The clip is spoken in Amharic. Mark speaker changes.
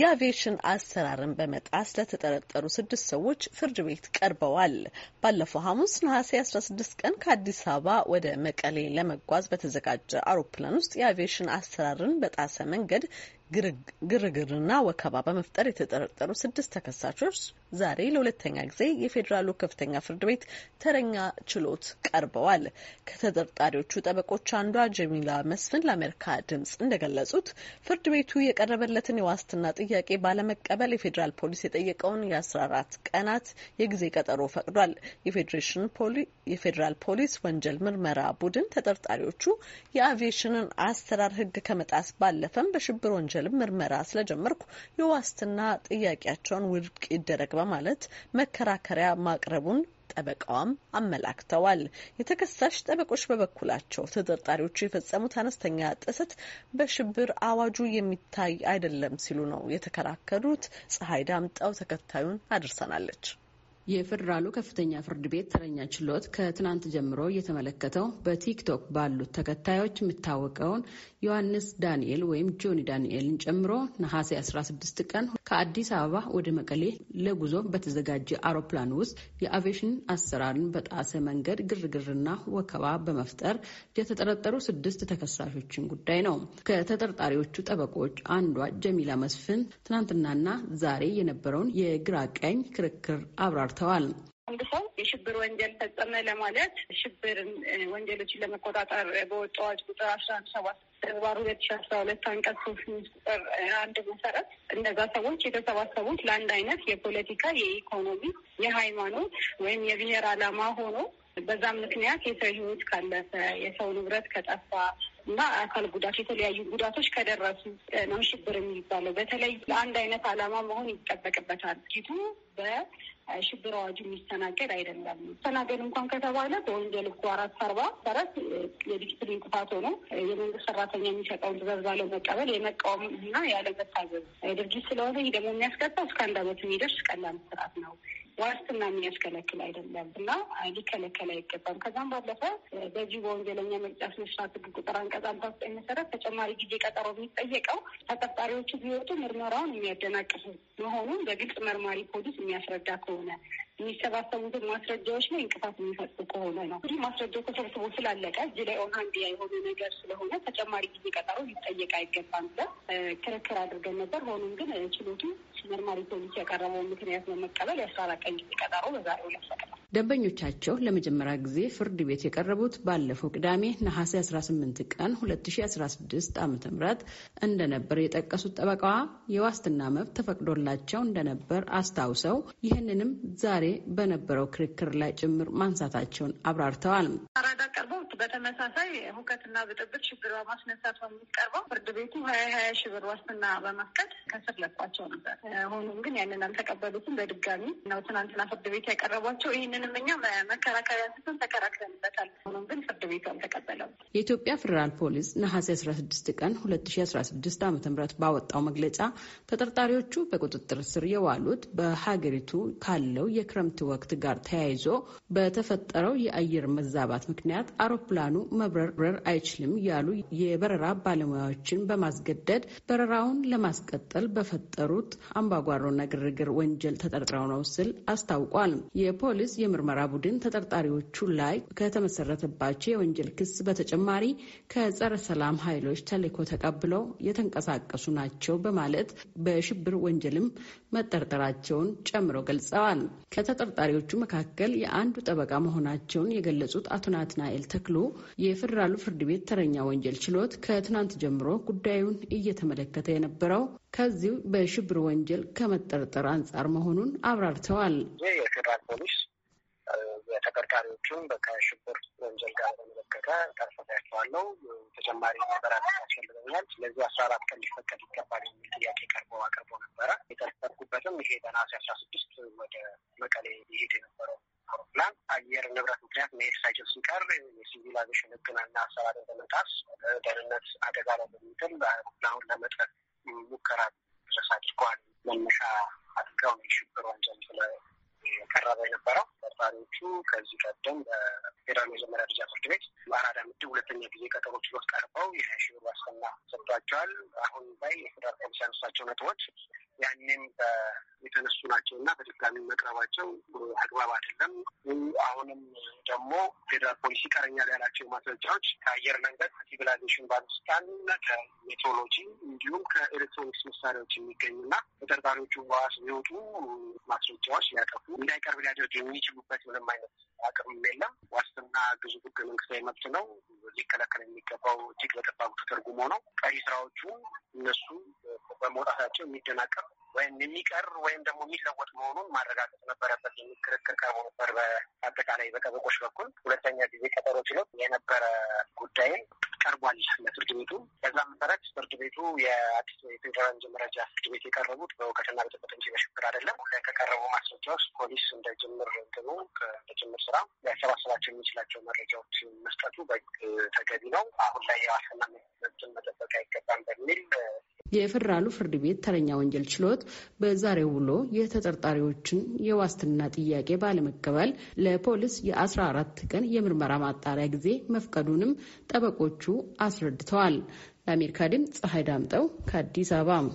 Speaker 1: የአቪዬሽን አሰራርን በመጣስ ለተጠረጠሩ ስድስት ሰዎች ፍርድ ቤት ቀርበዋል። ባለፈው ሐሙስ ነሐሴ 16 ቀን ከአዲስ አበባ ወደ መቀሌ ለመጓዝ በተዘጋጀ አውሮፕላን ውስጥ የአቪዬሽን አሰራርን በጣሰ መንገድ ግርግርና ወከባ በመፍጠር የተጠረጠሩ ስድስት ተከሳቾች ዛሬ ለሁለተኛ ጊዜ የፌዴራሉ ከፍተኛ ፍርድ ቤት ተረኛ ችሎት ቀርበዋል። ከተጠርጣሪዎቹ ጠበቆች አንዷ ጀሚላ መስፍን ለአሜሪካ ድምጽ እንደገለጹት ፍርድ ቤቱ የቀረበለትን የዋስትና ጥያቄ ባለመቀበል የፌዴራል ፖሊስ የጠየቀውን የ14 ቀናት የጊዜ ቀጠሮ ፈቅዷል። የፌዴራል ፖሊስ ወንጀል ምርመራ ቡድን ተጠርጣሪዎቹ የአቪዬሽንን አሰራር ሕግ ከመጣስ ባለፈም በሽብር ወንጀል ወንጀልም ምርመራ ስለጀመርኩ የዋስትና ጥያቄያቸውን ውድቅ ይደረግ በማለት መከራከሪያ ማቅረቡን ጠበቃዋም አመላክተዋል። የተከሳሽ ጠበቆች በበኩላቸው ተጠርጣሪዎቹ የፈጸሙት አነስተኛ ጥሰት በሽብር አዋጁ የሚታይ አይደለም ሲሉ ነው የተከራከሩት። ፀሐይ ዳምጠው ተከታዩን አድርሰናለች። የፌዴራሉ
Speaker 2: ከፍተኛ ፍርድ ቤት ተረኛ ችሎት ከትናንት ጀምሮ እየተመለከተው በቲክቶክ ባሉት ተከታዮች የሚታወቀውን ዮሐንስ ዳንኤል ወይም ጆኒ ዳንኤልን ጨምሮ ነሐሴ 16 ቀን ከአዲስ አበባ ወደ መቀሌ ለጉዞ በተዘጋጀ አውሮፕላን ውስጥ የአቪዬሽን አሰራርን በጣሰ መንገድ ግርግርና ወከባ በመፍጠር የተጠረጠሩ ስድስት ተከሳሾችን ጉዳይ ነው። ከተጠርጣሪዎቹ ጠበቆች አንዷ ጀሚላ መስፍን ትናንትናና ዛሬ የነበረውን የግራ ቀኝ ክርክር አብራር አብራርተዋል።
Speaker 3: አንድ
Speaker 4: ሰው የሽብር ወንጀል ፈጸመ ለማለት ሽብር ወንጀሎችን ለመቆጣጠር በወጣ አዋጅ ቁጥር አስራ አንድ ሰባት ተግባር ሁለት ሺ አስራ ሁለት አንቀጽ ሶስት ቁጥር አንድ መሰረት እነዛ ሰዎች የተሰባሰቡት ለአንድ አይነት የፖለቲካ፣ የኢኮኖሚ፣ የሃይማኖት ወይም የብሔር አላማ ሆኖ በዛም ምክንያት የሰው ህይወት ካለፈ የሰው ንብረት ከጠፋ እና አካል ጉዳት የተለያዩ ጉዳቶች ከደረሱ ነው ሽብር የሚባለው። በተለይ ለአንድ አይነት አላማ መሆን ይጠበቅበታል። ጊቱ በሽብር አዋጁ የሚስተናገድ አይደለም። ተናገድ እንኳን ከተባለ በወንጀል ሕጉ አራት አርባ ሰረት የዲስፕሊን ጥፋት ሆኖ የመንግስት ሰራተኛ የሚሰጠውን ትዕዛዝ መቀበል የመቃወም እና ያለመታዘዝ ድርጊት ስለሆነ ይህ ደግሞ የሚያስቀጣው እስከ አንድ አመት የሚደርስ ቀላል ስርዓት ነው። ዋስትና የሚያስከለክል አይደለም እና ሊከለከል አይገባም። ከዛም ባለፈ በዚህ በወንጀለኛ መቅጫ ስነ ህግ ቁጥር አንቀጽ አምሳ ዘጠኝ መሰረት ተጨማሪ ጊዜ ቀጠሮ የሚጠየቀው ተጠርጣሪዎቹ ቢወጡ ምርመራውን የሚያደናቅፉ መሆኑን በግልጽ መርማሪ ፖሊስ የሚያስረዳ ከሆነ የሚሰባሰቡትን ማስረጃዎች ላይ እንቅፋት የሚፈጥሩ ከሆነ ነው። እንዲህ ማስረጃው ተሰብስቦ ስላለቀ እዚህ ላይ ኦንሀንድ የሆነ ነገር ስለሆነ ተጨማሪ ጊዜ ቀጠሮ ሊጠየቅ አይገባም ብለን ክርክር አድርገን ነበር። ሆኖም ግን ችሎቱ መርማሪ ፖሊስ ያቀረበውን ምክንያት ለመቀበል ያስራራቅ ዘጠኝ ቀጠሮ በዛሬው ዕለት
Speaker 2: ደንበኞቻቸው ለመጀመሪያ ጊዜ ፍርድ ቤት የቀረቡት ባለፈው ቅዳሜ ነሐሴ 18 ቀን 2016 ዓ ም እንደነበር የጠቀሱት ጠበቃዋ የዋስትና መብት ተፈቅዶላቸው እንደነበር አስታውሰው ይህንንም ዛሬ በነበረው ክርክር ላይ ጭምር ማንሳታቸውን አብራርተዋል።
Speaker 4: በተመሳሳይ ሁከትና ብጥብጥ ሽብር በማስነሳት በሚቀርበው ፍርድ ቤቱ ሀያ ሀያ ሺህ ብር ዋስትና በማስቀድ ከስር ለቋቸው ነበር። ሆኖም ግን ያንን አልተቀበሉትም። በድጋሚ ነው ትናንትና ፍርድ ቤት ያቀረቧቸው። ይህንንም እኛ መከራከሪያ ስትን ተከራክረንበታል። ሆኖም ግን ፍርድ ቤቱ አልተቀበለም።
Speaker 2: የኢትዮጵያ ፌዴራል ፖሊስ ነሐሴ አስራ ስድስት ቀን ሁለት ሺ አስራ ስድስት ዓመተ ምህረት ባወጣው መግለጫ ተጠርጣሪዎቹ በቁጥጥር ስር የዋሉት በሀገሪቱ ካለው የክረምት ወቅት ጋር ተያይዞ በተፈጠረው የአየር መዛባት ምክንያት አሮ አውሮፕላኑ መብረር አይችልም ያሉ የበረራ ባለሙያዎችን በማስገደድ በረራውን ለማስቀጠል በፈጠሩት አምባጓሮና ግርግር ወንጀል ተጠርጥረው ነው ሲል አስታውቋል። የፖሊስ የምርመራ ቡድን ተጠርጣሪዎቹ ላይ ከተመሰረተባቸው የወንጀል ክስ በተጨማሪ ከጸረ ሰላም ኃይሎች ተልዕኮ ተቀብለው የተንቀሳቀሱ ናቸው በማለት በሽብር ወንጀልም መጠርጠራቸውን ጨምሮ ገልጸዋል። ከተጠርጣሪዎቹ መካከል የአንዱ ጠበቃ መሆናቸውን የገለጹት አቶ ናትናኤል ተክሎ ተከትሎ የፌዴራሉ ፍርድ ቤት ተረኛ ወንጀል ችሎት ከትናንት ጀምሮ ጉዳዩን እየተመለከተ የነበረው ከዚሁ በሽብር ወንጀል ከመጠርጠር አንጻር መሆኑን አብራርተዋል።
Speaker 3: ይህ የፌዴራል ፖሊስ የተጠርጣሪዎቹን ከሽብር ወንጀል ጋር በተመለከተ ጠርፈታቸዋለው ተጨማሪ ማበራት ያስፈልገኛል፣ ስለዚህ አስራ አራት ቀን ሊፈቀድ ይገባል የሚል ጥያቄ ቀርቦ አቅርቦ ነበረ። የተፈርጉበትም ይሄ በነሐሴ አስራ ስድስት አደጋ ላይ ለሚጥል በአሁን ለመጥረት ሙከራ ድረስ አድርገዋል። መነሻ አድርገው የሽብር ወንጀል የቀረበ የነበረው ተጠርጣሪዎቹ ከዚህ ቀደም በፌዴራል መጀመሪያ ደረጃ ፍርድ ቤት በአራዳ ምድብ ሁለተኛ ጊዜ ቀጠሮ ችሎት ቀርበው የሀያ ሺህ ብር ዋስትና ሰጥቷቸዋል። አሁን ላይ የፌደራል ፖሊስ ያነሳቸው ነጥቦች ያንን የተነሱ ናቸው እና በድጋሚ መቅረባቸው አግባብ አይደለም። አሁንም ደግሞ ፌደራል ፖሊስ ይቀረኛል ያላቸው ማስረጃዎች ከአየር መንገድ ሲቪላይዜሽን ባለስልጣን ሜትሮሎጂ እንዲሁም ከኤሌክትሮኒክስ መሳሪያዎች የሚገኙና ተጠርጣሪዎቹ ዋስ ሊወጡ ማስረጃዎች ሊያጠፉ እንዳይቀርብ ሊያደርግ የሚችሉበት ምንም አይነት አቅምም የለም። ዋስትና ግዙ ሕገ መንግስታዊ መብት ነው። ሊከለከል የሚገባው እጅግ በጠባቡ ተተርጉሞ ነው። ቀሪ ስራዎቹ እነሱ በመውጣታቸው የሚደናቀር ወይም የሚቀር ወይም ደግሞ የሚለወጥ መሆኑን ማረጋገጥ ነበረበት። ክርክር ቀርቦ ነበር በአጠቃላይ በጠበቆች በኩል ሁለተኛ ጊዜ ቀጠሮ ችሎት የነበረ ጉዳይን ቀርቧል ለፍርድ ቤቱ። በዛ መሰረት ፍርድ ቤቱ የአዲስ የፌዴራል መረጃ ፍርድ ቤት የቀረቡት በእውቀትና በጥበት እንጂ በሽብር አይደለም። ከቀረቡ ማስረጃ ውስጥ ፖሊስ እንደ ጅምር እንትኑ በጅምር ስራ ሊያሰባስባቸው የሚችላቸው መረጃዎች መስጠቱ ተገቢ ነው። አሁን ላይ የዋስትና መብትን መጠበቅ
Speaker 2: አይገባም በሚል የፌዴራሉ ፍርድ ቤት ተረኛ ወንጀል ችሎት በዛሬው ውሎ የተጠርጣሪዎችን የዋስትና ጥያቄ ባለመቀበል ለፖሊስ የ14 ቀን የምርመራ ማጣሪያ ጊዜ መፍቀዱንም ጠበቆቹ አስረድተዋል። ለአሜሪካ ድምፅ ፀሐይ ዳምጠው ከአዲስ አበባ